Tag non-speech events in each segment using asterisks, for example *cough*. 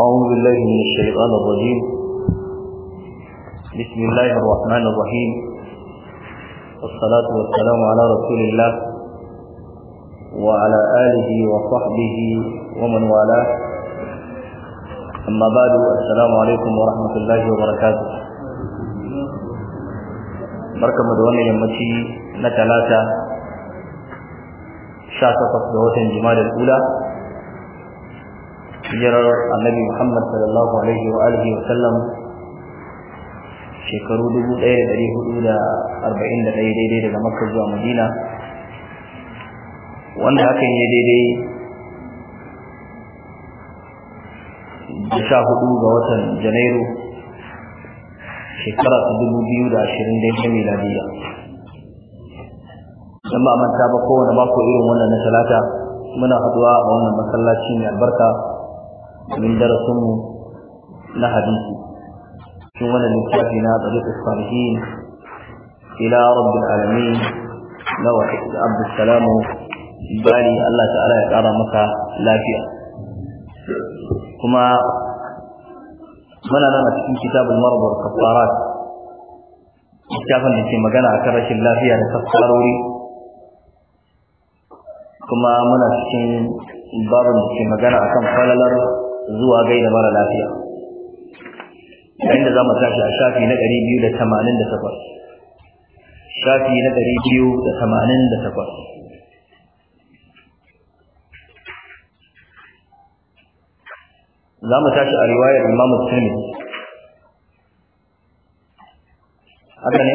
أعوذ بالله من الشيطان الرجيم بسم الله الرحمن الرحيم والصلاة والسلام على رسول الله وعلى آله وصحبه ومن والاه أما بعد السلام عليكم ورحمة الله وبركاته بركة مدونة يمتي نتلاتة شاسة وتنجمال الأولى hijirar annabi Muhammad sallallahu alaihi wa alihi wa sallam shekaru 1441 daidai daga Makka zuwa Madina wanda hakan ya daidai da sha hudu ga watan Janairu shekara ta dubu biyu da ashirin daidai miladiya. Dan ba manta ba kowane mako irin wannan na talata muna haduwa a wannan masallaci mai albarka من درسهم لحديث في ولا لكتابنا طريق الصالحين إلى رب العالمين لو عبد السلام بالي الله تعالى يقرأ مكة لا فيها كما muna nan a cikin kitabul marbar kafarat littafin da ke magana a kan rashin lafiya da kafarori kuma muna cikin babin da ke magana a kan falalar zuwa gaida mara lafiya yayin da za mu tashi a shafi na 288 shafi na 288 za mu tashi a riwayar Imam tirmidhi haka ne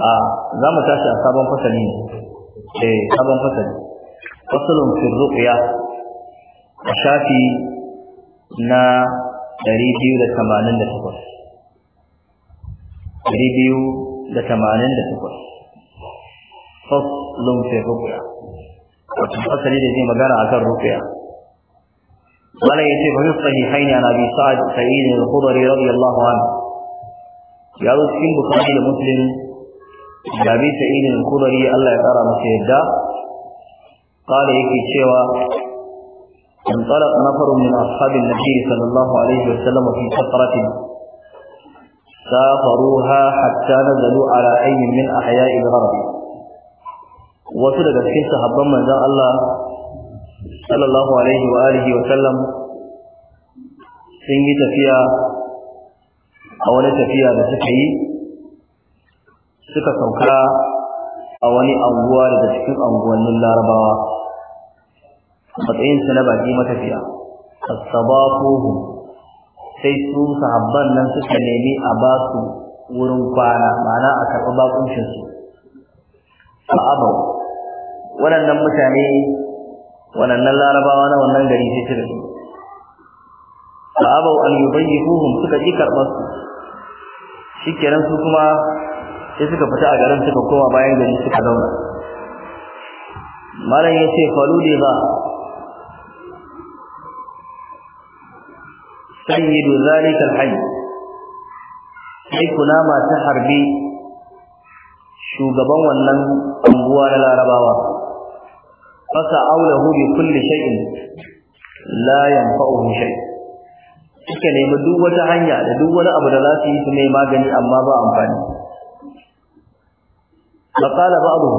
a za mu tashi a sabon fasali ne eh sabon fasali fasalun fi ruqya a shafi na 288 288 faslun fi ruqya wato asali da zai magana a akan ruqya wala yace fa fi sahihaini an abi sa'id sa'id al-khudri radiyallahu anhu ya zo cikin bukhari da muslim da abi sa'id al-khudri Allah ya tsara masa yadda قال yake cewa انطلق نفر من أصحاب النبي صلى الله عليه وسلم في سفرة سافروها حتى نزلوا على أي من أحياء الغرب wasu daga cikin sahabban manzon Allah sallallahu sun yi tafiya a wani tafiya da suka yi suka sauka a wani anguwa daga cikin unguwannin larabawa matsayin su na baki matafiya asabaquhum sai su sahabban nan suka nemi a ba su wurin kwana ma'ana a karɓi bakuncin su fa'abau waɗannan mutane waɗannan larabawa na wannan gari sai su da su fa'abau an suka ji karɓar su shikenan su kuma sai suka fita a garin suka koma bayan gari suka zauna malam ya ce falu ba sayyidu zalika alhayy sai kunama ta harbi shugaban wannan anguwa na larabawa fasa aulahu bi kulli shay'in la yanfa'uhu shay suka nemi duk wata hanya da duk wani abu da za su yi su mai magani amma ba amfani faqala ba'dhum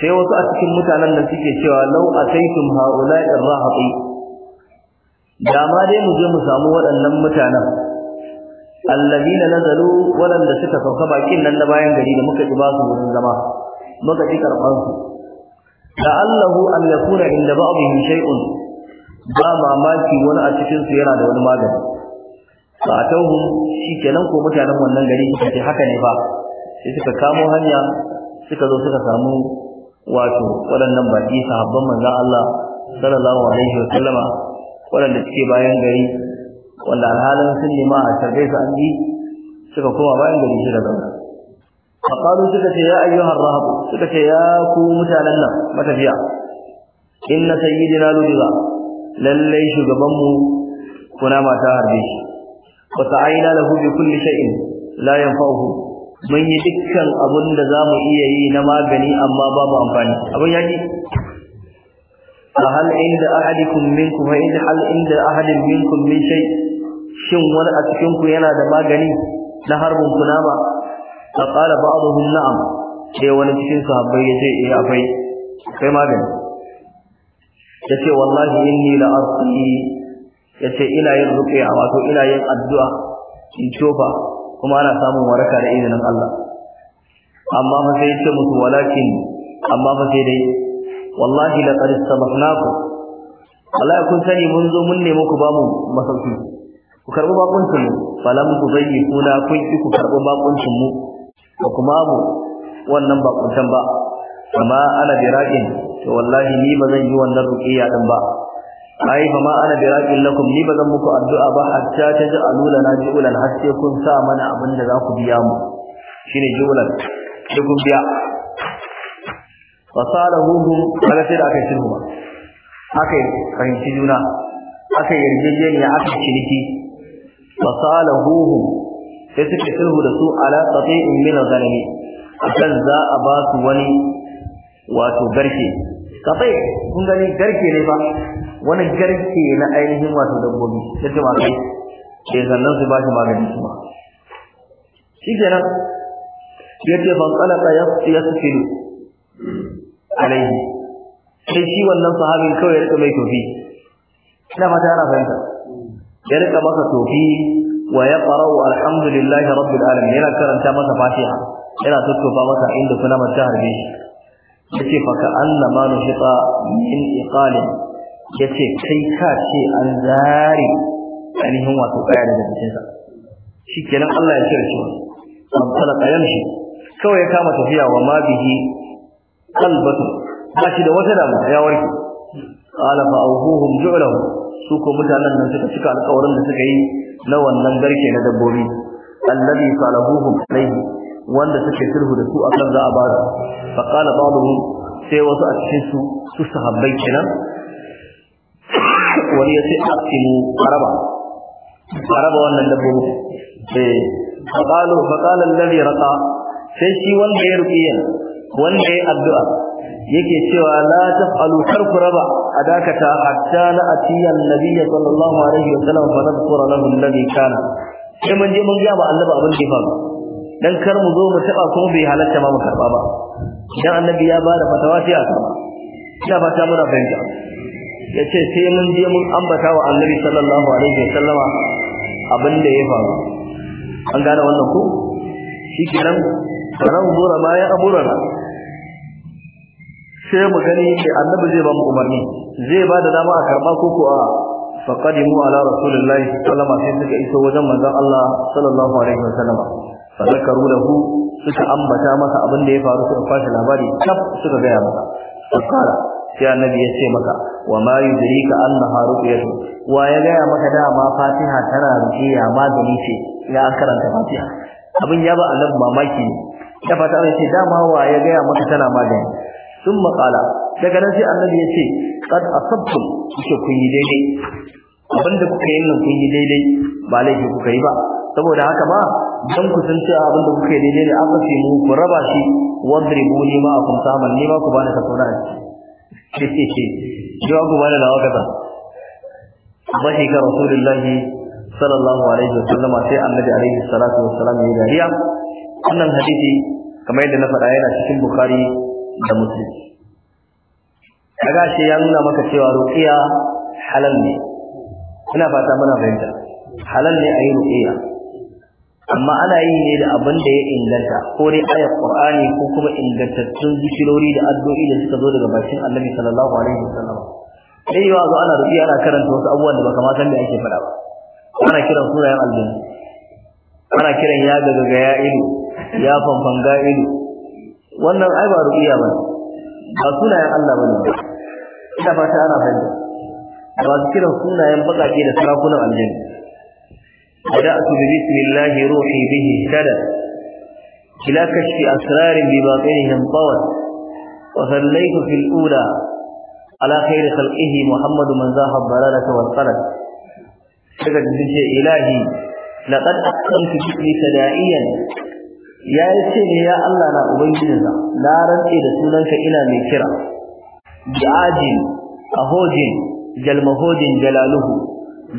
sai wasu a cikin mutanen da suke cewa law ataytum ha'ula'i ar-rahati Dama dai mu je mu samu waɗannan mutanen allazina nazalu waɗanda suka sauka bakin nan na bayan gari da muka ji ba su wurin zama muka ji karɓar su la'allahu an yakuna inda ba'dihim shay'un ba mamaki wani a cikin su yana da wani magani ba a shi shikenan ko mutanen wannan gari suka ce haka ne ba sai suka kamo hanya suka zo suka samu wato waɗannan baƙi sahabban manzon Allah sallallahu alaihi wa sallama waɗanda suke bayan gari wanda alhalin sun nema a tarbe su an yi suka koma bayan gari shi da zauna faƙaru suka ce ya rahabu suka ce ya ku mutanen nan matafiya inna sayyidina lubiza lallai shugabanmu kuna mata harbe shi wa ta'ayna lahu bi kulli shay'in la yanfa'uhu mun yi dukkan abun da za mu iya yi na magani amma babu amfani abun yaki فهل عند أحدكم منكم فإن هل عند أحد منكم من شيء شن ولا أتكنكم ينا دما غني نهر كناما فقال بعضهم نعم sai wani cikin sahabbai ya ce eh akwai kai magani ya ce wallahi inni la arsi ya ce ina yin ruqya wato ina yin addu'a in tofa kuma ana samun waraka da izinin Allah amma fa sai ya ce musu walakin amma fa sai dai wallahi laqad sabaqnakum Wala kun sani mun zo mun nemi ku bamu masauki ku karbi bakuncin mu falam ku bayyi kuna kun ki ku karbi bakuncin mu ba kuma mu wannan bakuntan ba amma ana biraqin to wallahi ni ba zan yi wannan ruqiya din ba ai fa ma ana biraqin lakum ni ba zan muku addu'a ba hatta taj'alu lana ju'lan hatta kun sa mana abin da za ku biya mu shine ju'lan da kun biya fasalahuhum ala sai da aka yi ba aka yi fahimci juna aka yi yarjejeniya aka ciniki fasalahuhum sai suke sulhu da su ala tati'in min zalimi akan za a ba su wani wato garke kafai kun gani garke ne ba wani garke na ainihin wato dabbobi da tumakai sai zannan su ba shi magani kuma shi kenan yace ban kalaka su alaihi sai shi wannan sahabin kawai ya rika mai tofi ina fata ana fahimta ya rika masa tofi wa ya qara'u alhamdulillahi rabbil alamin yana karanta masa fatiha yana tuttufa masa inda kuna mata harbe shi yace fa ka annama nushita min iqalin yace kai ka ce an zare ainihin wato kaya daga jikinsa shikenan Allah ya cire shi an fara kayan shi kawai ya kama tafiya wa ma bihi qalbatu ba shi da wata dama ya warke qala fa awhuhum ju'lahu su ko mutanen nan suka cika alƙawarin da suka yi na wannan garke na dabbobi alladhi salahuhum alayhi wanda suke sulhu da su akan za a ba su fa qala ba'dhum sai wasu a cikin su su sahabbai kenan *coughs* wani ya ce aqsimu araba araba wannan dabbobi sai eh, fa qalu fa qala alladhi raqa sai shi wanda ya ruqiya wanda ya addu'a yake cewa la taf'alu tarku raba adakata hatta la atiya annabiy sallallahu alaihi wasallam fa nadhkura lahu alladhi kana sai mun je mun ga ba Allah abin da ya faru dan kar mu zo mu taba kuma bai halatta ma mu karba ba idan annabi ya bada fatawa sai a karba ina fata muna fahimta yace sai mun je mun ambata wa annabi sallallahu alaihi wasallama abin da ya faru an gane wannan ko Shi fa nan bura ma ya aburana sai mu gani ke annabi zai ba mu umarni zai ba da dama a karba ko ko a faqadimu ala rasulillahi sallama sai suka iso wajen manzon Allah sallallahu alaihi wasallam fa zakaru lahu suka ambata masa abin da ya faru suka fashi labari tab suka gaya masa fakara sai annabi ya ce maka wa ma yudrika annaha ruqyatu wa ya gaya maka dama fatiha tana ma magani ce ya karanta fatiha abin ya ba annabi mamaki ne ya fata ce dama wa ya gaya maka tana magani sun makala. daga nan sai annabi ya ce kad asabtum kuke kun yi daidai abinda kuka yi nan kun yi daidai ba laifi kuka yi ba saboda haka ma dan ku san cewa abinda kuka yi daidai ne aka ce mu ku raba shi wadribu ni ma akum saman ni ma ku bani ka sauna ce ce ce ji ku bani da waka ta bashi ka rasulullahi sallallahu alaihi wa Sallama, sai annabi alaihi salatu Salam, ya yi dariya wannan hadisi kamar yadda na faɗa yana cikin bukhari da musulmi kaga shi ya nuna maka cewa ruqiya halal ne ina fata muna fahimta halal ne a yi ruqiya amma ana yi ne da abin da ya inganta ko dai ayat qur'ani ko kuma ingantattun zikirori da addu'o'i da suka zo daga bakin annabi sallallahu alaihi wasallam dai yawa zo ana ruqiya ana karanta wasu abubuwan da baka ma san da ake faɗa ba ana kiran sunayen aljanna ana kiran ya gaga ya ido ya fanfanga ido wannan ai ba ruqiya bane ba sunayen Allah bane ina ba ana bane ba zikira sunayen baka da sarakunan aljanna ida atu bi bismillahi ruhi bihi tada ila kashfi asrarin bi baqinihim tawat wa sallaytu fil ula ala khairi khalqihi muhammadu man zaha baralaka wal qalb daga dinje ilahi laqad aqamtu bi sadaiyan ya yi ce ne ya Allah na ubangijinsa na rantse da sunanka ina mai kira bi'ajin ahojin jalmahojin jalaluhu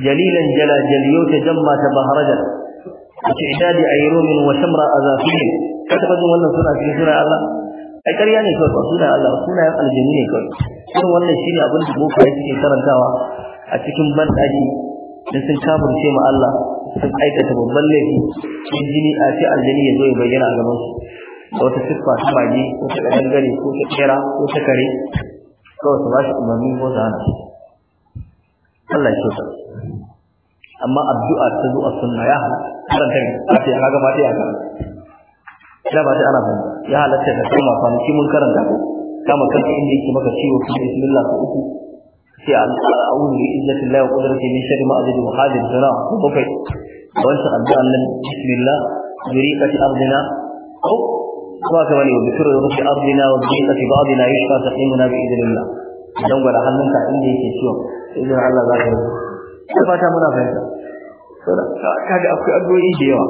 jalilan jala jalyota jamma ta baharajar ita idadi a yi yiromin wa shamra a ne. ka taɓa jin wannan suna cikin suna Allah ai ƙarya ne kawai suna Allah sunayen aljanu ne kawai irin wannan shi shine abin da ya yake karantawa a cikin bandaji da sun kafirce ma Allah sun aikata babban laifi sun jini a ce aljini ya zo ya bayyana a gaban su da wata siffa ta baje ko ta dangare ko ta kera ko ta kare kawai su ba shi umarni ko su hana Allah ya kyauta amma addu'a ta zo a sunna ya halatta ce ya gama ta yaka ina ba ta ana fahimta ya halatta ka koma kwanaki mun karanta ko kama kanta inda yake maka ciwo kuma bismillah ku uku sai a'udhu da izzati llahi wa qudratihi min sharri ma ajidu hadir zara ko bakai nan bismillah biriqati ardina ko kuma ka wani bi sirri rufi ardina wa biriqati ba'dina yashfa taqimuna bi idnillah dan gwada hannunka inda yake ciwo idan Allah za yi ta fata muna fahimta saboda kaga akwai addu'o'i da yawa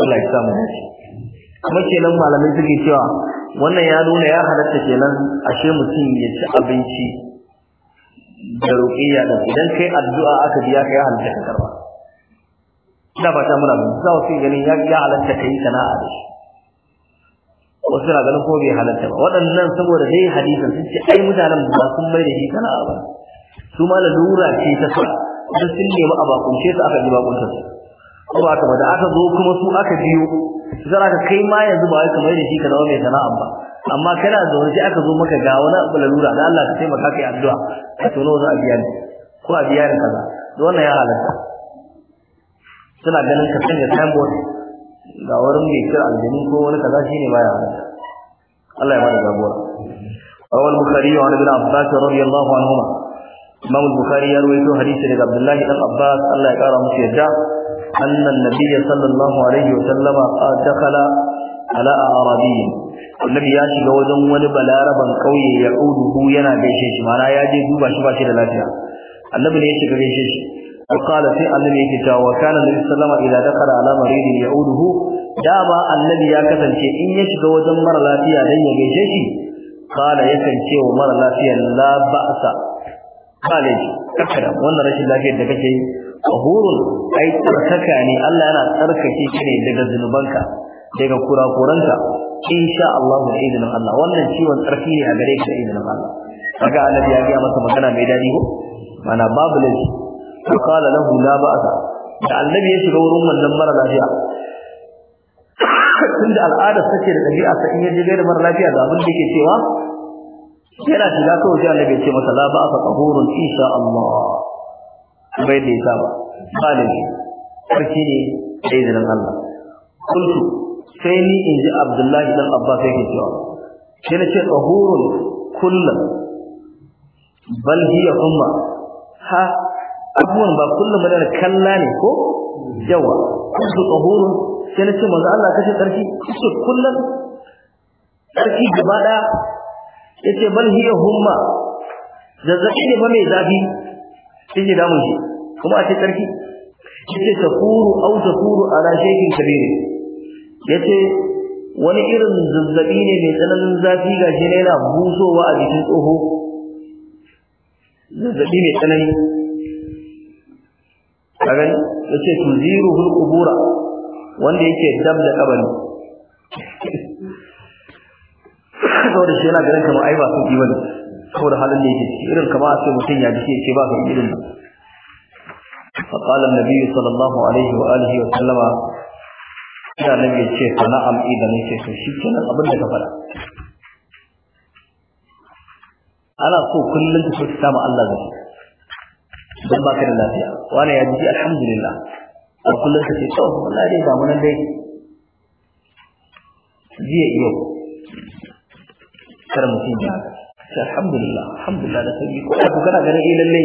Allah ya samu kuma kenan malamai suke cewa wannan ya nuna ya halatta kenan ashe mutum ya ci abinci da ruqiyya da idan kai addu'a aka biya ka ya halatta ka karba ina fata muna za ku gani ya ya halatta kai sana'a da shi wasu na ganin ko bai halatta ba waɗannan saboda dai hadisin sun ce ai mutanen ba sun mai da shi sana'a ba su ma lalura ce ta sa sun nemi a bakunce su aka ji bakuntar su ko ba ka ba da aka zo kuma su aka biyo zara ka kai ma yanzu ba wai kamar da shi ka zama mai sana'a ba amma kana da wani aka zo maka ga wani abu lalura da Allah ka taimaka kai addu'a ka tono za a biya ni ko a biya ni kaza da wannan ya halatta suna ganin ka sanya signboard ga wurin mai kira aljini ko wani kaza shine baya halatta Allah ya bada jagora rawal bukhari wa ibn abbas radiyallahu anhuma imam bukhari ya rawaito hadisi daga abdullahi dan abbas Allah ya kara musu yadda أن النبي صلى الله عليه وسلم دخل على أعرابي النبي ياشي جوزن ولي بلاربا قوي يعوده ينا جيشيش معنا ياجي دوبا شبا شيدا لاتيا النبي ياشي جيشيش وقال في النبي يكتا وكان النبي صلى الله عليه وسلم إذا دخل على مريض يعوده دابا النبي يكتن شيء إن ياشي جوزن مر لاتيا لن يجيشيش قال يكن شيء ومر لاتيا لا بأس قال يجي كفرا وانا رشي لاتيا دكتي tahurun ai tsarkaka ne Allah yana tsarkake shi ne daga zunubanka daga kurakuranka insha Allah da izinin Allah wannan ciwon tsarki ne a gare ka da izinin Allah kaga annabi ya ga masa magana mai dadi ko mana babu laifi to kala lahu la ba'sa da annabi ya shiga wurin wannan mara lafiya *coughs* tunda al'ada take da dabi'a ta in yaje gaira mara lafiya da abin da yake cewa yana shiga kawai sai annabi ya ce masa la ba'sa tahurun insha Allah bai da yasa ba malami sarki ne da izinin Allah kuntu sai ni in ji Abdullahi dan Abba sai ke cewa sai na ce tahurun kullum bal hiya umma ha abuwan ba kullum bane kalla ne ko yawa kuntu tahurun sai na ce manzo Allah kace sarki kace kullum sarki gaba da yace bal hiya humma zazzabi ne ba mai zafi shi ke damun shi kuma a ce tsarki yace tafuru au tafuru ala shaykin Ya yace wani irin zazzabi ne mai tsananin zafi ga shi yana busowa a jikin tsoho zazzabi mai tsanani ce yace tuziru hul qubura wanda yake dab da kabari *laughs* saboda shi yana ganin kamar ai ba su bane saboda halin da yake ciki irin kama a ce mutum ya ji ce ba ka irin nan فقال النبي صلى الله عليه وآله وسلم ina nan ya ce fa na'am idan yake to shi kenan abin da ka faɗa ana so kullum ka fita ma Allah zai don baka da lafiya wani ya ji alhamdulillah a kullum ka ce to wallahi dai ba mun dai jiya kar mutum ya sai alhamdulillah alhamdulillah da sauki ko da ku kana ganin eh lalle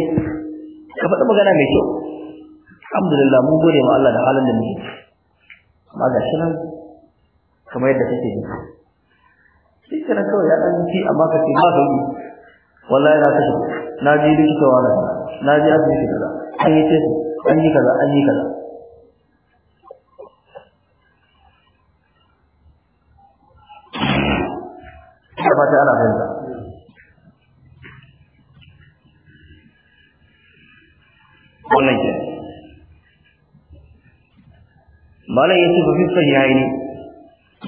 ka faɗi magana mai kyau alhamdulillah mun gode ma Allah da halin da muke amma ga shi nan kamar yadda kake ji shi kana kawai ya dan ci amma ka ce ba sauki wallahi na kashe na ji likita wani na ji asibiti kaza an yi ce an yi kaza an yi kaza da fata ana fahimta wannan ke malam yace fa fifa yayi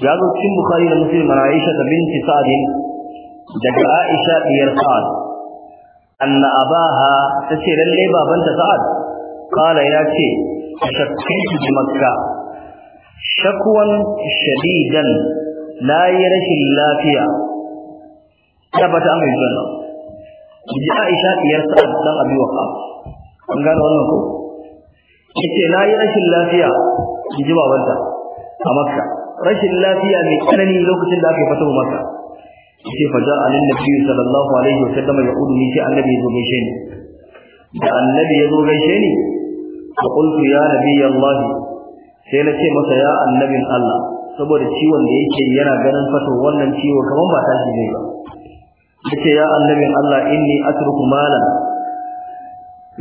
ya zo cikin bukhari da muslim na aisha da binti sa'd daga aisha biyar sa'ad. anna abaha ce lalle babanta sa'ad kala ya ce shakkinki bi makka Shakuwan shadidan la yi rashin lafiya tabbata an yi wannan ji aisha biyar sa'ad dan abi waqa an gane wannan ko yace na yi rashin lafiya in ji babanta a makka rashin lafiya mai tsanani lokacin da aka yi fatawa makka yace fa ja'a lin nabi sallallahu alaihi wasallam ya udu ni sai annabi ya zo gaishe ni da annabi ya zo gaishe ni fa qultu ya nabi allah sai na ce masa ya annabin allah saboda ciwon da yake yana ganin fato wannan ciwo kaman ba tashi ne ba yace ya annabin allah inni atruku malan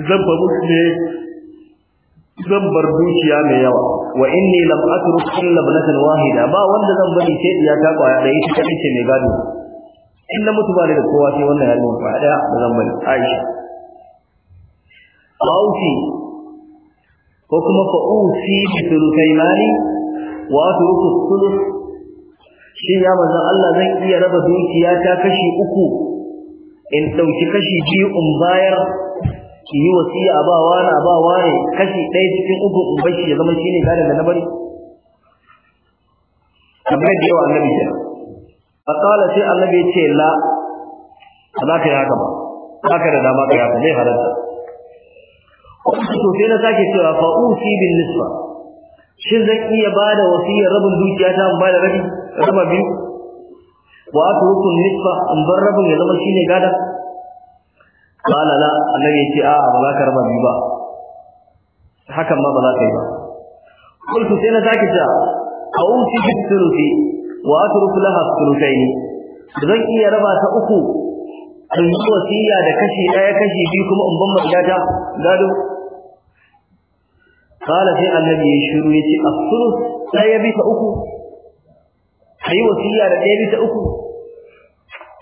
zan bar dukiya mai yawa wa inni lam atruk illa ibnatan wahida ba wanda zan bari sai iya ta kwaya da ita kace ce mai gado in na mutu ba da kowa sai wannan yarin kwaya daya ba zan bari Aisha Ausi ko kuma fa usi bi sulukai mali wa atruku sulus shi ya manzon Allah zan iya raba dukiya ta kashi uku in dauki kashi biyu in bayar ki yi wasiya a bawa na bawa ne kashi ɗaya cikin uku in bashi ya zama shine gadan da na bari kamar da yawa annabi ya fa qala sai annabi ce la za ka haka ba ka da dama ka yaka zai halatta to sai na sake cewa fa usi bin nisba shin zan iya bada wasiya rabin dukiya ta ba da rabi rabin biyu wa atruku nisba in bar rabin ya zama shine gadan qala la annabi yace a ba za ka raba biyu ba hakan ma ba za ka yi ba qultu sai na sake ta auti bisulusi wa atruk laha sulusaini zan iya raba ta uku in yi wasiya da kashi daya kashi biyu kuma in ban magata gado qala sai annabi ya shiru bisa uku wasiya da daya bisa uku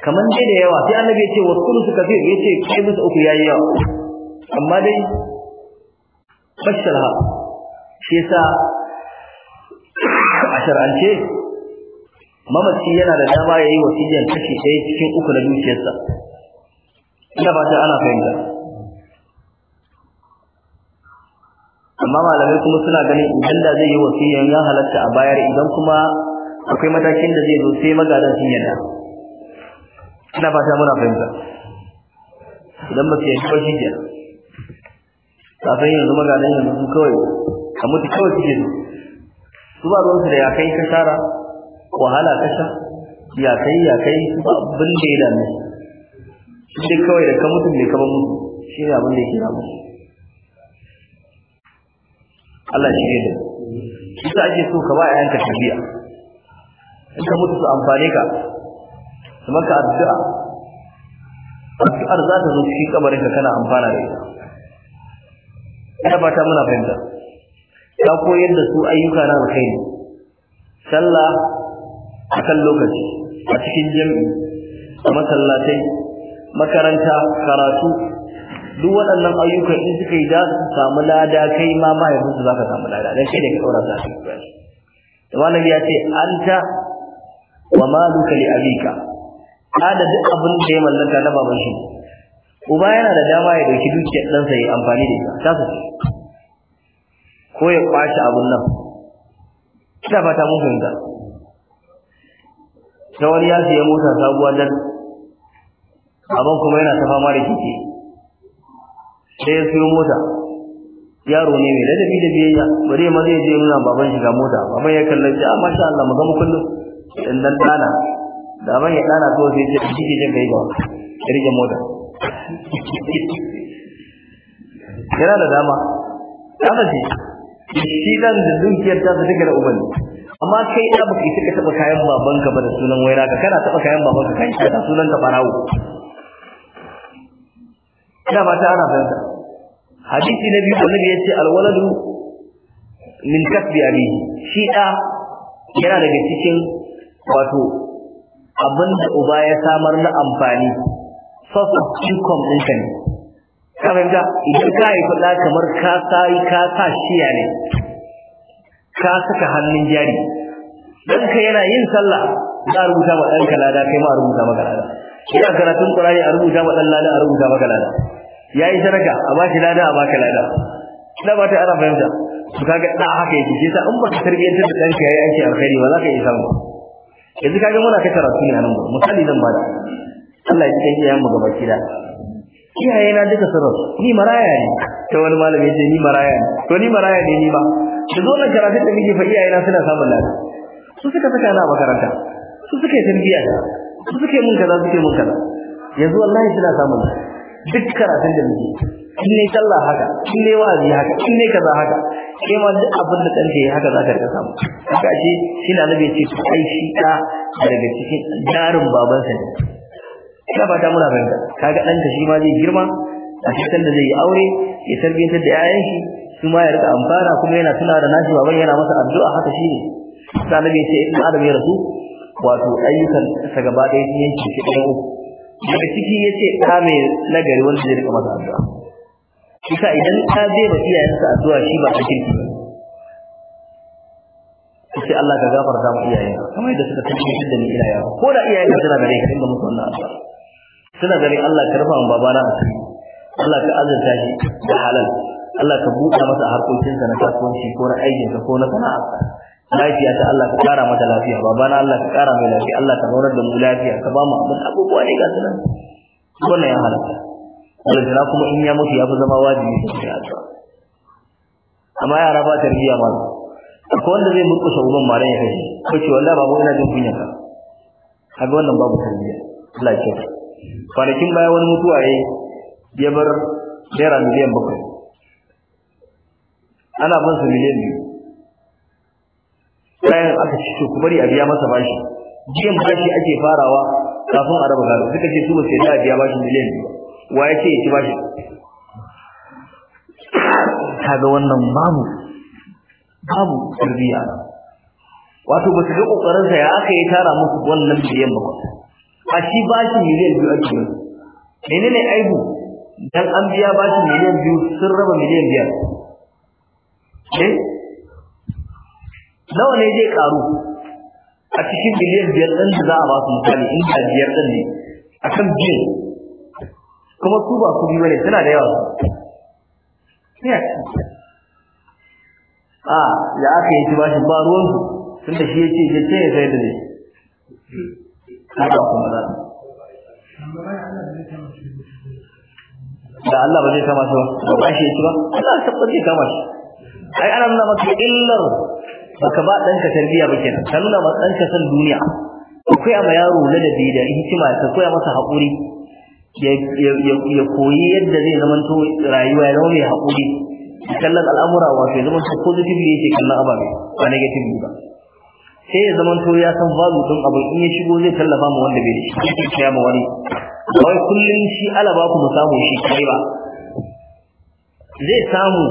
kaman dai da yawa sai annabi ya ce wa suka fi ya ce kai musu uku yayi yawa amma dai fashalha shi yasa a shar'ance mamaci yana da dama ya yi wasiyyar kashi ɗaya cikin uku na dukiyarsa ina ba ta ana fahimta amma malamai kuma suna ganin idan da zai yi wasiyyar ya halatta a bayar idan kuma akwai matakin da zai zo sai magadan sun yarda ina ba ta muna fahimta idan ba ka yi kawai shigiya ta san yanzu maganin yanzu su kawai a mutu kawai suke su su ba ruwansu da ya kai ka shara wahala ka sha ya kai ya kai su ba abin da ya dame su dai kawai da ka mutum mai kamar mutu shi ne abin da ya kira musu Allah shi ne da shi ake so ka ba 'ya'yanka tafiya in ka mutu su amfane ka su maka addu'a addu'ar za ta zo cikin kabarin ka kana amfana da ita ina fata muna fahimta ka koyar da su ayyuka na ne, sallah a kan lokaci a cikin jami'i a masallatai makaranta karatu duk waɗannan ayyukan in suka yi za su samu lada kai ma mahaifinsu za ka samu lada don shi ne ka ɗaura su a cikin da malam ya ce anta wa duka li abika da duk abin da ya mallaka na baban shi uba yana da dama ya dauki dukiyar ɗansa ya amfani da ita ta su ko ya kwashi abun nan kina fata mun fahimta ta wani ya siya mota sabuwa dan abin kuma yana ta fama da kike sai ya siyo mota yaro ne mai ladabi da biyayya bare ma zai je nuna baban shi ga mota baban ya kallon shi a ah, masha Allah mu ga mu kullum dan dan dana da ban ya dana so sai ce kike jin kai ba rike mota yana da dama dama ce shi dan da dukiyar ta take da ubani amma kai da baka isa ka taba kayan babanka ba da sunan waira ka kana taɓa kayan babanka kan ka da sunan ka Farawo. ina ba ta ana fahimta hadisi na biyu annabi yace alwaladu min kasbi Ali, shi da yana daga cikin wato abin da uba ya samar na amfani source of income ɗinka ne karanta idan ka yi faɗa kamar ka sayi ka sa shiya ne ka saka hannun jari Dan ka yana yin sallah za a rubuta ma ɗanka lada kai ma a rubuta maka lada ina karatun ƙurani a rubuta ma dan lada a rubuta maka lada ya yi a ba shi lada a baka lada ina ba ta ana fahimta su kaga da haka yake shi sa in ba ka tarbiyyantar da ɗanka ya yi aiki alkhairi ba za ka iya samu ba yanzu kaga muna kai karatu ne a nan gurin misali zan ba Allah ya ji kai mu gaba iyaye na duka sarrafa ni maraya ne ta wani malami ne ni maraya ne to ni maraya ne ni ba Ki zo na karatu da miji fa iyaye na suna samun lafiya su suka saka na makaranta su suka yi tarbiyya su suka mun kaza suka mun kaza yanzu wallahi suna samun lafiya duk karatun da miji in ne sallah haka in ne wa'azi haka in ne kaza haka ke ma duk abin da ɗan ya haka za ka rika samu haka ce shi na nabi ce ta ai shi ɗa daga cikin jarin babansa ne ina ba ta muna fahimta kaga ɗanka shi ma zai girma a cikin da zai yi aure ya tarbiyyantar da 'ya'yan shi su ma ya rika amfana kuma yana tuna da nashi baban yana masa addu'a haka shi ne sa nabi ce in adam ya rasu wato ayyukan sa gaba ɗaya sun yanke shi ɗaya uku ciki ya ce ɗa mai nagari wanda zai rika masa addu'a kisa idan ka bai wa iyayensa addu'a shi ba cikin ki sai Allah ka gafarta mu iyaye kamar yadda suka tafi da ni ila yawa ko da iyaye ka suna gare ka inda musu wannan addu'a suna gare Allah ka rufa mu babana Allah ka azurta shi da halal Allah ka buɗa masa sa na kasuwanci ko na sa ko na sana'arsa lafiya ta Allah ka kara mata lafiya babana Allah ka kara mai lafiya Allah ka zaunar da mu lafiya ka ba mu abin abubuwa ne ga sunan wannan ya halatta alantana kuma in ya mutu ya fi zama wajibi su kai amma yara ba tarbiyya ba ko wanda zai murƙusa uban maran ya kashe ko ce wallahi babu ina jin kunya ka kaga wannan babu tarbiya Allah ya kiyaye kwanakin baya wani mutuwa yayi ya bar naira miliyan bakwai ana bin su miliyan biyu bayan aka ci ku bari a biya masa bashi biyan bashi ake farawa kafin a raba gado suka ce su ba sai da biya bashi miliyan biyu wa yake ce ya ci bashi kaga wannan babu babu tarbiya wato ba su ga kokarinsa ya aka yi tara musu wannan biyan ba a shi shi miliyan biyu a cikin menene aibu dan an biya bashi miliyan biyu sun raba miliyan biyar eh nawa ne zai karu a cikin miliyan biyar ɗin da za a ba su misali in da biyar ɗin ne a kan biyan kuma su ba kuɗi bane suna da yawa a ya aka yi bashin ba ruwan su da shi ce ya ce ya sai da ne da da Allah ba zai kama shi ba ba shi ci ba Allah tabbata zai kama shi ai ana nuna maka illar baka ba danka tarbiya ba kenan ka nuna maka danka san duniya akwai ama yaro ladabi da hikima ka koya masa haƙuri ya koyi yadda zai zama to rayuwa ya zama mai haƙuri kallon al'amura wato ya zama to positive ne yake kallon ababe ba negative ba sai ya zama to ya san babu tun abin in ya shigo zai tallafa ma wanda bai da shi ya kiya ma wani wai kullun shi alaba ku mu samu shi kai ba zai samu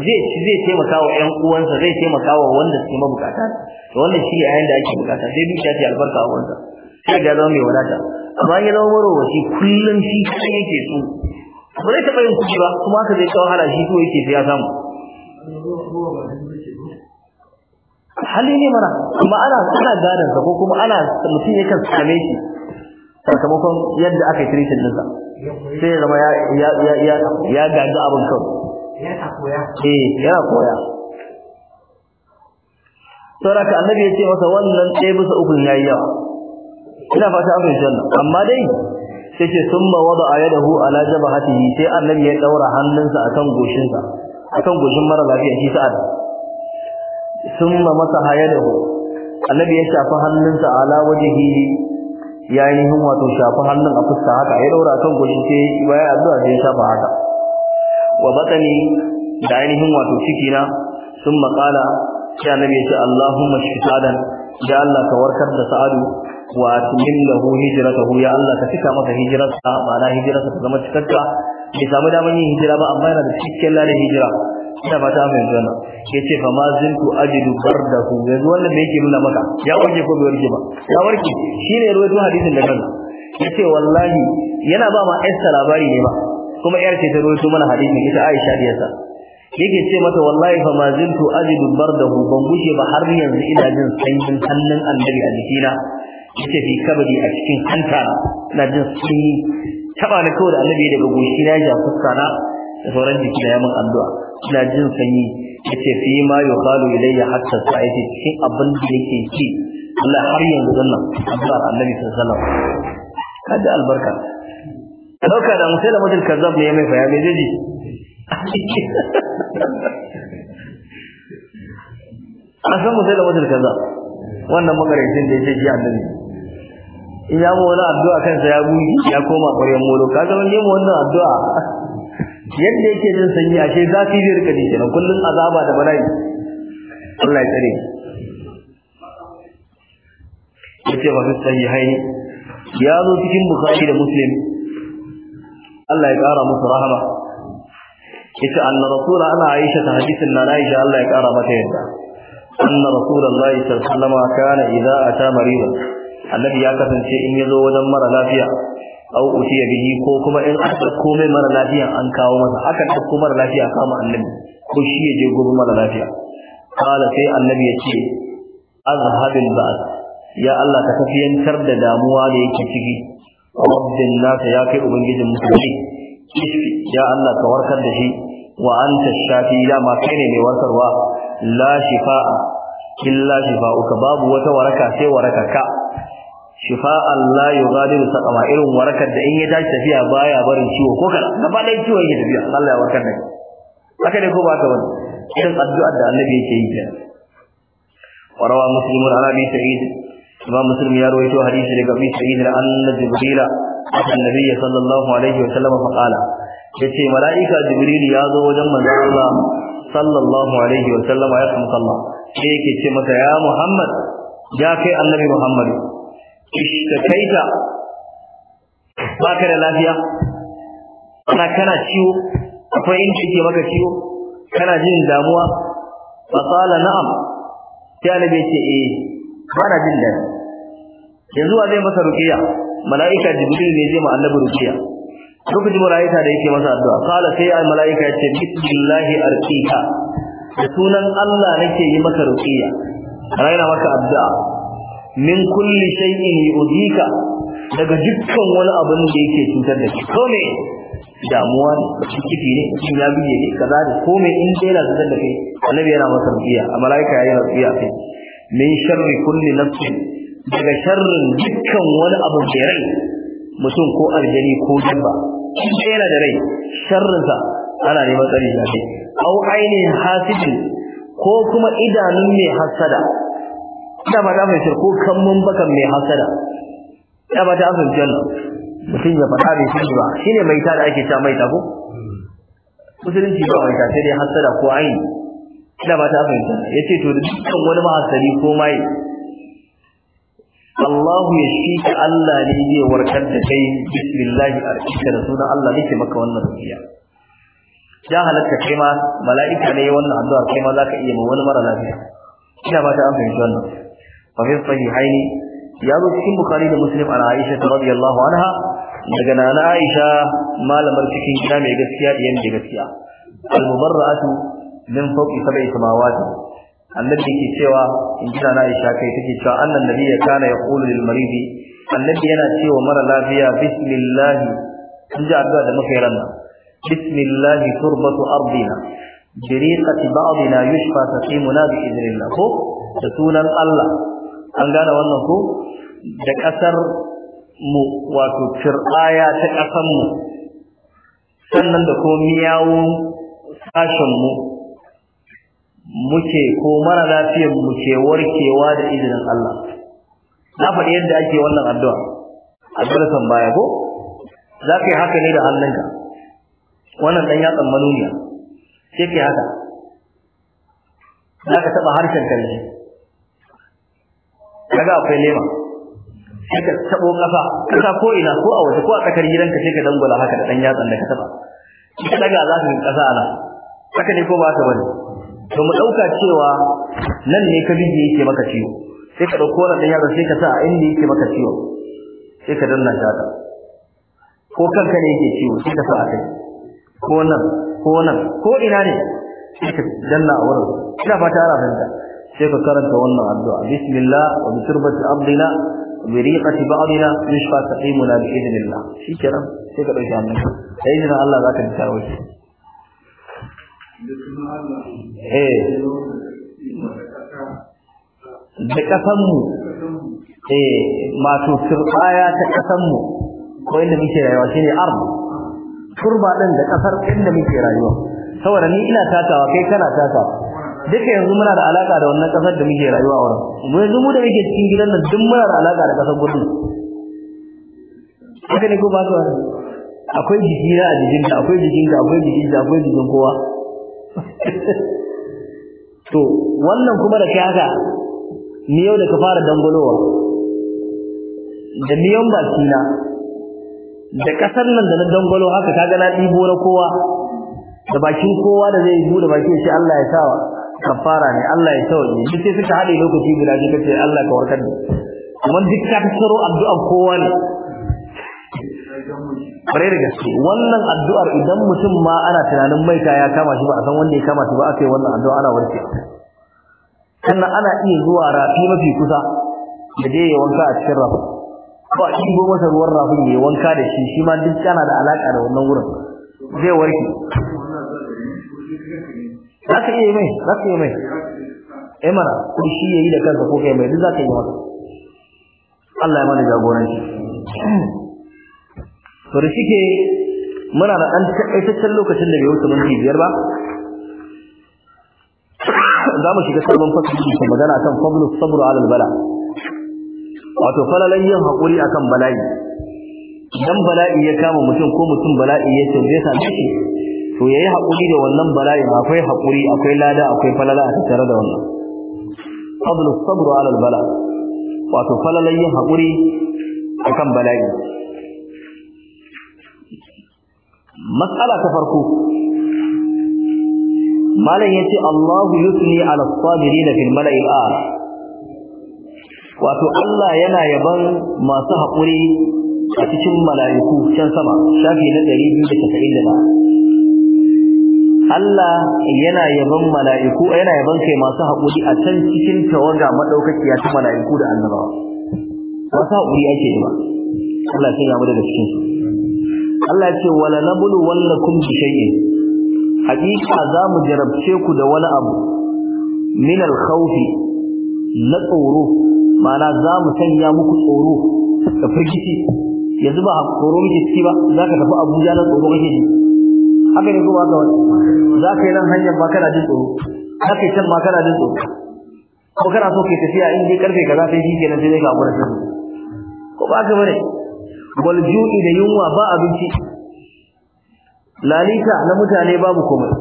zai ci zai taimaka wa ƴan uwansa zai taimaka wa wanda suke mabukata to wannan shi ne yayin da ake bukata sai dukiya ta albarka a wanda sai ga zama mai wadata amma ya zama marowaci kullum shi kai yake so ba zai taɓa yin kuɗi ba kuma haka zai kawo hala shi kuma yake sai ya samu hali ne mana amma ana ana gadon sa ko kuma ana mutum yakan same shi sakamakon yadda aka yi tirishin ɗinsa sai ya zama ya ya ya ya gaji abin kan eh yana koya saboda annabi ya ce masa wannan ɗaya bisa ukun yayi yawa ina fata an fahimci wannan amma dai sai ce summa wada ayadahu ala jabhatihi sai annabi ya daura hannunsa akan goshinsa akan goshin mara lafiya shi sa'ad summa masa hayadahu annabi ya shafa hannunsa ala wajhihi yayin wato shafa hannun a fuska haka ya daura akan goshin sai bayan addu'a sai ya shafa haka wa batani da ainihin wato ciki na summa qala sai annabi ya ce allahumma shfi sa'adan ya Allah ka warkar da sa'adu wa atmim lahu hijratahu ya Allah ka cika masa hijirarsa ma'ana hijirarsa ta zama cikakka bai samu damar yin hijira ba amma yana da cikakken ladan hijira ina fata mai wannan. ya ce fa ma zintu ajidu bardahu yanzu wannan me yake nuna maka ya warke ko bai warke ba ya warke shine ruwaito hadisin da kansa yace wallahi yana ba ma Esther labari ne ba kuma yar ce ta ruwaito mana hadisin ita Aisha diyarsa yake ce mata wallahi fa ma zintu ajidu bardahu ban gushe ba har yanzu ina jin sanyin hannun annabi a jikina yace fi kabari a cikin hanta ina jin sanyi taba na kawai da annabi daga goshi na ja fuska na da sauran jiki da yamin addu'a ina jin sanyi yace fi ma yuqalu ilayya hatta sa'ati cikin abin da yake ci Allah har yanzu zannan addu'a annabi sallallahu alaihi wasallam kada albarka dauka da musulmi mutum kazzab ne mai bayani zai ji Ah, A san musai da wajen kaza wannan magarancin da ya ce ji annabi in ya mu wani addu'a kansa ya guji ya koma ƙwaryen molo ka zama nemo wannan addu'a yadda yake jin sanyi ashe zafi zai rika jin kenan kullum azaba da bala'i Allah ya tsare yace ba sai sahihai ya zo cikin bukari da muslim Allah ya ƙara musu rahama yace anna rasul ana aisha ta hadisin na aisha Allah ya kara mata yadda anna rasulullahi sallallahu alaihi wasallam kana idza ata maridan annabi ya kasance in yazo wajen mara lafiya au ya bihi ko kuma in aka komai mara lafiya an kawo masa aka dauko mara lafiya kama annabi ko shi ya je gobe mara lafiya kala sai annabi ya ce azhabil ba'd ya Allah ka tafiyantar da damuwa da yake ciki rabbin nasa ya kai ubangijin musulmi iski ya Allah ka warkar da shi wa anta shafi dama kai ne mai warkarwa la shifa'a illa shifa'uka babu wata waraka sai waraka warakaka shifa'an la yughadiru saqama irin warakar da in ya tashi tafiya baya barin ciwo ko kada gaba dai ciwo yake tafiya Allah ya warkar da shi haka ne ko ba ka bane irin addu'ar da Annabi yake yi kenan وروى مسلم عن ابي سعيد امام مسلم يروي حديث لابي سعيد ان جبريل akan nabiyyi sallallahu alaihi wa sallam faqala yace malaika jibril ya zo wajen manzon Allah sallallahu alaihi wa sallam ya kuma yake ce maka ya muhammad ya kai annabi muhammad ishtakaita baka da lafiya kana kana ciwo akwai in ce maka ciwo kana jin damuwa fa na'am sai ce eh bana jin dani yanzu a zai masa ruqiyya mala'ika jibril ne je ma annabi rukiya lokacin mala'ika da yake masa addu'a kala sai ai mala'ika ya ce bismillahi arqika da sunan Allah nake yi maka rukiya raina maka addu'a min kulli shay'in yudika daga dukkan wani abin da yake cutar da kai kome damuwa da ciki ne cikin ya biye ne kaza Ko kome in dai yana cutar da kai annabi yana masa rukiya a mala'ika yayin rukiya sai min sharri kulli nafsin daga sharrin dukkan wani abu da rai mutum ko aljani ko dabba sai yana da rai sharrinsa ana neman tsari da shi au ainihin hasidi ko kuma idanun mai hasada ina ba da mai shirko kan mun bakan mai hasada ina ba ta afin janna mutum ya faɗa da shi ba shine mai ta da ake ta mai ta ko musulunci ba mai ta sai dai hasada ko aini ina ba ta afin janna yace to dukkan wani mahasari ko mai Allahu ya shi ka Allah ne zai warkar da kai a arshika da sunan Allah nake maka wannan rubiya ya halatta kai ma mala'ika ne wannan addu'a kai ma zaka iya ma wani mara lafiya ina ba ta amfani fahimci wannan fa fi sahihaini ya zo cikin bukhari da muslim an aisha radiyallahu anha daga nana aisha malamar cikin gida mai gaskiya da gaskiya al-mubarra'atu min fawqi sab'i samawati annabi yake cewa in ji na Aisha kai take cewa annan nabi ya kana ya kulu lil maridi annabi yana cewa mara lafiya bismillah in ji addu'a da muka yi ranna bismillah turbatu ardina biriqati ba'dina yushfa taqimuna bi idnillah ko da sunan Allah an gane wannan ko da kasar mu wato firaya ta kasan mu sannan da kuma miyawun sashen mu muke ko mara lafiyar muke warkewa da izinin Allah na faɗi yadda ake wannan addu'a addu'a san baya ko za ka yi haka ne da hannunka wannan ɗan yatsan manuniya sai ke haka za ka taɓa harshen kan ne kaga akwai lema sai ka taɓo ƙasa ƙasa ko ina ko a waje ko a tsakar gidanka sai ka dangula haka da ɗan yatsan da ka taɓa ita za ka yi ƙasa ana haka ne ko ba ta bane to mu dauka cewa nan ne ka bige yake maka ciwo sai ka dauko wannan yaron sai ka sa a inda yake maka ciwo sai ka danna shata ko kanka ne yake ciwo sai ka sa a kai ko nan ko nan ko ina ne sai ka danna a wurin ina fata ana fahimta sai ka karanta wannan addu'a bismillah wa bi turbati abdina wa bi riqati ba'dina yushfa taqimuna bi idnillah shikenan sai ka dauki hannunka sai idan Allah zaka ji tarawih eh da kasanmu eh mato turbaya ta mu ko inda muke rayuwa shine arba turba din da kasar inda muke rayuwa saboda ni ina tatawa kai kana tatawa duka yanzu muna da alaka da wannan kasar da muke rayuwa a wurin mu yanzu mu da muke cikin gidan nan duk muna da alaka da kasar gudu haka ne ko ba ka akwai jiki na a jikinta, akwai jikinka akwai jikinta, akwai jikin kowa *laughs* to wannan kuma da kaga haka yau da ka fara dangulowa da miyan na, da kasar nan da na dangulo haka kaga na dibo na kowa da bakin kowa da zai bude bakin shi Allah ya sawa kafara ne Allah ya sauke duk sai suka hade lokaci guda duk sai Allah ka warkar da kuma duk ka tsaro addu'a kowa ne kwarai da gaske wannan addu'ar idan mutum ma ana tunanin maita ya kama shi ba a san wanda ya kama shi ba aka yi wannan addu'a ana warke sannan ana iya zuwa rafi mafi kusa da je ya wanka a cikin rafi ko a goma masa ruwan rafin ya wanka da shi shi ma duk kana da alaƙa da wannan wurin zai warke za ka iya yi mai za ka iya mai eh mana ko shi ya yi da kansa ko kai mai duk za ka yi masa Allah ya mana jagoranci to da shike muna da ɗan taƙaitaccen lokacin da bai wuce minti biyar ba za mu shiga sabon fasali da magana kan fadlu sabr ala bala wato falalan yin hakuri akan bala'i idan bala'i ya kama mutum ko mutum bala'i ya ce, zai sa shi to yayi hakuri da wannan bala'in akwai hakuri akwai lada akwai falala a tare da wannan fadlu sabr ala bala wato falalan yin hakuri akan bala'i matsala ta farko malam yace Allahu yusni ala sabirin fil mala'il a'la wato Allah yana yaban masu haƙuri a cikin mala'iku can sama shafi na ba. Allah yana yaban mala'iku yana yaban kai masu haƙuri a can cikin tawaga madaukakiya ta mala'iku da annabawa wasu haƙuri ake yi ba Allah ya mada da cikinsu. cikin Allah ya ce wala nablu wallakum bi shay'in hakika za mu jarabce ku da wani abu min al khawfi na tsoro mana za mu sanya muku tsoro da firgici yanzu ba tsoro muke ciki ba za ka tafi Abuja na tsoro kake ji haka ne kuma haka wani za ka yi nan hanyar ba kana jin tsoro Haka ka yi can ba kana jin tsoro ko kana so ke tafiya in je karfe kaza sai shi kenan sai dai ka gurin ko ba ka bane wal ju'i da yunwa ba abinci lalita na mutane babu komai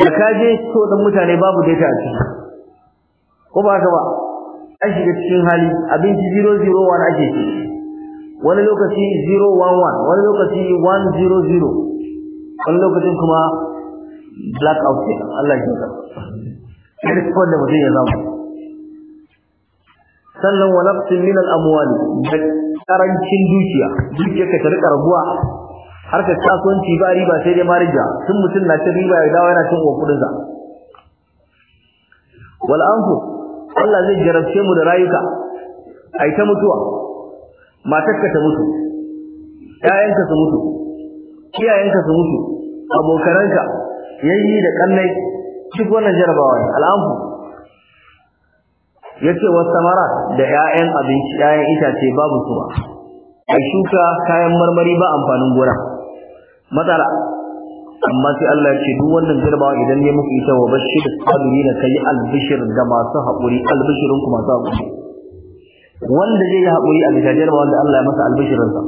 da kaje so dan mutane babu data a ciki ko ba ka ba an shiga cikin hali abinci 001 ake ci wani lokaci 011 wani lokaci 100 wani lokacin kuma black out ne Allah ya yarda kada ko da mutum ya zama sallan wa nafsin min al-amwali karancin dukiya dukiya ka rika rabuwa? har ka kasuwanci ba riba sai dai marija tun mutum na ta riba ya dawo yana cin uwa sa wal anfu Allah zai jarabce mu da rayuka ai ta mutuwa matarka ta mutu ƴaƴanka su mutu iyayenka su mutu abokaranka yayi da kannai duk wannan jarabawa al'anfu yace wasamara da 'ya'yan abinci 'ya'yan itace babu su ba a shuka kayan marmari ba amfanin gona. matsala amma sai Allah ce duk wannan girbawa idan ya muku ita wa bashir sabirin kai albishir ga masu haƙuri albishirin ku masu haƙuri wanda zai yi haƙuri a bisa girbawa da Allah ya masa albishirin sa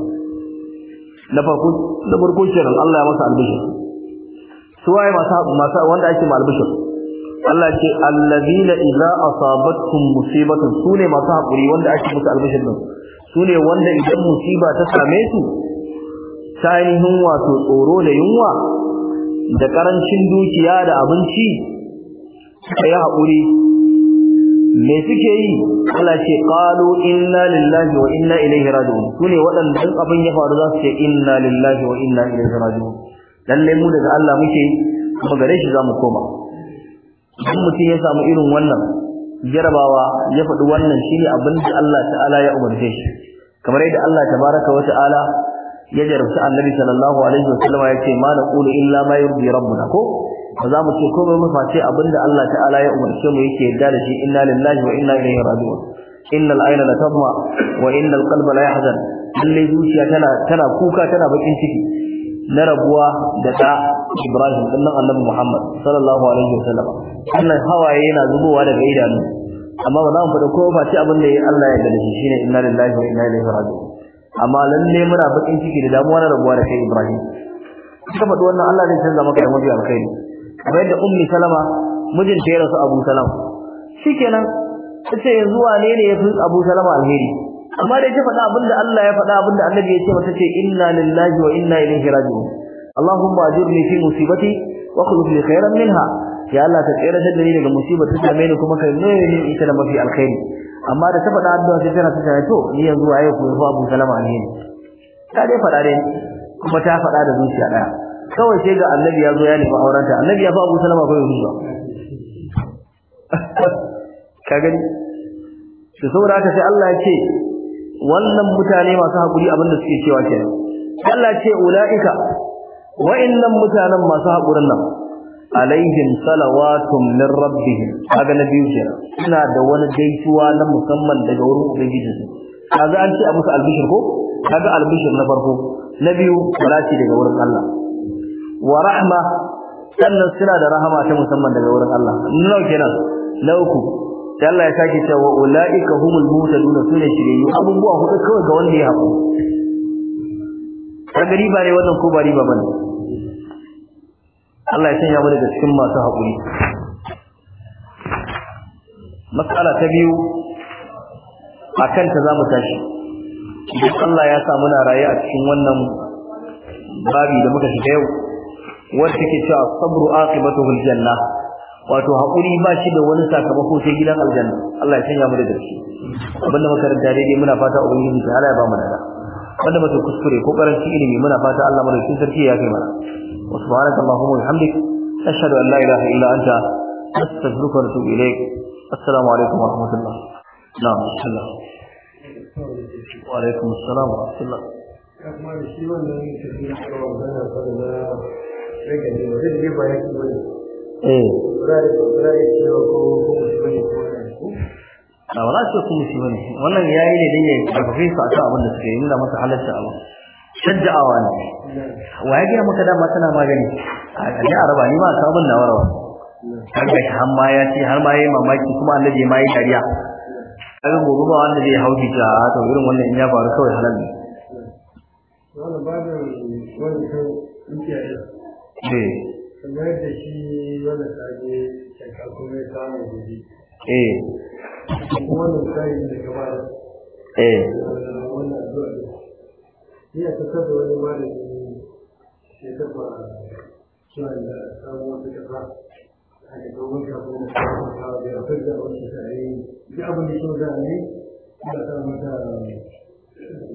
na farko da farko kiran Allah ya masa albishir suwaye masu masu wanda ake ma albishir Allah ce allazina idza asabatkum musibatu sune masu hakuri wanda ake musu albishir din sune wanda idan musiba ta same su tanihin wato tsoro da yunwa da karancin dukiya da abinci sai hakuri me suke yi Allah ce qalu inna lillahi wa inna ilaihi raji'un sune waɗanda abin ya faru za su ce inna lillahi wa inna ilaihi raji'un lalle mu daga Allah muke kuma gare shi za mu koma idan mutum ya samu irin wannan jarabawa ya faɗi wannan shine abin da Allah ta'ala ya umarce shi kamar yadda Allah tabaraka wa ta'ala ya jarabta annabi sallallahu alaihi wa sallama ya ce ma naqulu illa ma yurdi rabbuna ko ba za mu ce komai mu face abin da Allah ta'ala ya umarce mu yake yarda da shi inna lillahi wa inna ilaihi raji'un innal ayna la tadma wa innal qalba la yahzan lalle zuciya tana tana kuka tana bakin ciki na rabuwa da ta Ibrahim dan nan Annabi Muhammad sallallahu alaihi wasallam wannan hawaye yana zubowa daga idanu amma ba za mu fada ko face abin da ya Allah ya gani shine inna lillahi wa inna ilaihi raji'un amma lalle muna bakin ciki da damuwa na rabuwa da kai Ibrahim kika faɗi wannan Allah zai canza maka da mafi alkhairi kamar yadda ummi salama mijinta ya rasu Abu Salam. shikenan tace yanzu wane ne ya fi Abu Salama alheri amma da ya faɗa abin da Allah ya faɗa abin da Annabi ya ce mata ce inna lillahi wa inna ilaihi raji'un Allahumma ajirni fi musibati wa khulif li khairan minha ya Allah ta tsere da daga musibar ta same ni kuma kai mai ni ita da mafi alkhairi amma da ta faɗa addu'a sai tana ta to ni yanzu waye ku yafa Abu Salama ne. ta dai faɗa dai kuma ta faɗa da zuciya daya kawai sai ga Annabi ya zo ya nemi aurenta Annabi ya fa Abu Salama ko yanzu *laughs* ka gani Su saboda haka sai Allah ya ce wannan mutane masu hakuri abinda suke cewa kenan Allah ya ce ulaika wa'annan mutanen masu haƙurin nan alaihim salawatun min rabbihim kaga na biyu kenan suna da wani gaisuwa na musamman daga wurin ubangiji su kaga an ce a musu albishir ko kaga albishir na farko na biyu salati daga wurin Allah wa rahma sannan suna da rahama ta musamman daga wurin Allah nawa kenan na uku sai Allah ya sake cewa ulaika humul muhtadun sune shiriyu abubuwa hudu kawai ga wanda ya haƙu kaga riba ne wannan ko ba riba bane Allah ya sanya mu daga cikin masu haƙuri matsala ta biyu a ta za mu tashi idan Allah ya sa muna raye a cikin wannan babi da muka shiga yau wanda take cewa sabru aqibatuhul janna wato haƙuri ba shi da wani sakamako sai gidan aljanna Allah ya sanya mu da cikin abinda muka rantsa dai muna fata ubangiji ta ya ba mu dada wanda ba su kuskure ko karanci ilimi muna fata Allah madaukakin sarki ya kai mana wa subhanaka wa bihamdik ashhadu an la ilaha illa anta astaghfiruka wa atubu ilaik assalamu alaikum wa rahmatullah na'am inshallah wa alaikum assalam wa rahmatullah kuma shi wannan ne tafiya ko wannan fara rage ne zai yake bayani eh zai zai ko ko musulmi ko a wala ce kuma shi bane wannan yayi ne dan yayi karfafe su akan abin da suke yi nuna masa halarta abu shajja'awa ne wa ya gaya maka dama tana magani a kaje araba ni ma sabon na warawa kaga har ma ya ce har ma yayi mamaki kuma annabi ma yayi dariya kaga gobe ba wanda zai hauki ta to irin wannan in ya faru kawai halal ne wannan babin wannan eh kamar da shi wannan kaje shakka kuma ya samu gobe eh eh ya ta saba wani da ya taba cewa da samun wata kafa da daga wata kuma a da ya fi da wata ta yi da abin da shi da ne ya ta mata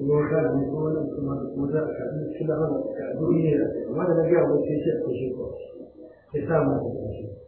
wata da mutum wani kuma da kuma za a kafin shi da wani a duniya amma da na gaya wata shi a kashe ko ya sa mata kashe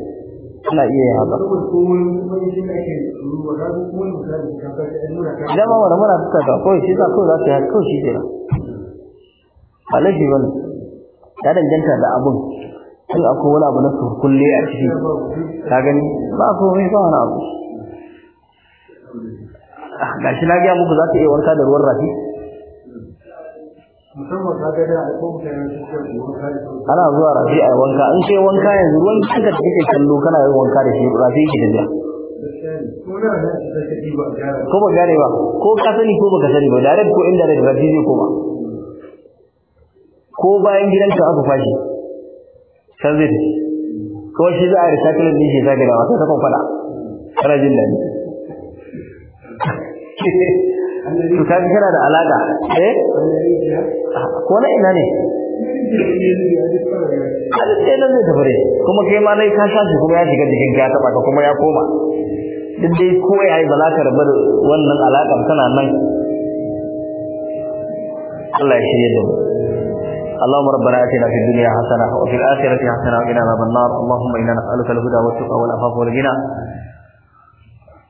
ana iya yin haka idan ma wani muna suka ka kawai shi za kawai za su yi kawai shi ke nan ba laifi ba ne ta danganta da abun tun akwai wani abu na su a ciki ka gani ba a komai ba wani abu ah, shi na gaya muku za ta iya wanka da ruwan rafi ana zuwa rafi a wanka An kai wanka yanzu ruwan kanka da kake kallo kana yin wanka da shi rafi yake tafiya ko ba gane ba ko ka sani ko baka sani ba direct ko indirect rafi zai koma ko bayan gidanka aka fashi can zai tafi kawai shi za a recycling din shi zagaya wata ta kwamfada kana jin daɗi *laughs* to kaga kana da alaka eh ko na ina ne kuma kai ma ka kuma ya shiga jikin ka taba ka kuma ya koma duk dai ko yayi ba za ka rabar wannan alakar tana nan Allah ya shirye da اللهم ربنا اتنا في الدنيا حسنه وفي الاخره حسنه وقنا عذاب النار اللهم الهدى والتقى والعفاف والغنى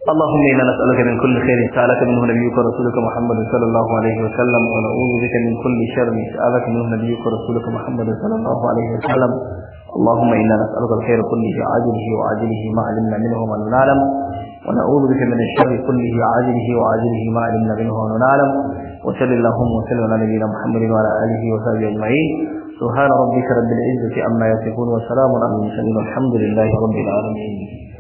اللهم إنا نسألك من كل خير سألك منه نبيك ورسولك محمد صلى الله عليه وسلم ونعوذ بك من كل شر سألك منه نبيك ورسولك محمد صلى الله عليه وسلم اللهم إنا نسألك الخير كله عاجله وعاجله ما علمنا منه وما نعلم ونعوذ بك من الشر كله عاجله وعاجله ما علمنا منه وما نعلم وصل اللهم وسلم على نبينا محمد وعلى آله وصحبه أجمعين سبحان ربك رب العزة عما يصفون وسلام على المرسلين والحمد لله رب العالمين